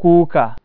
Cuca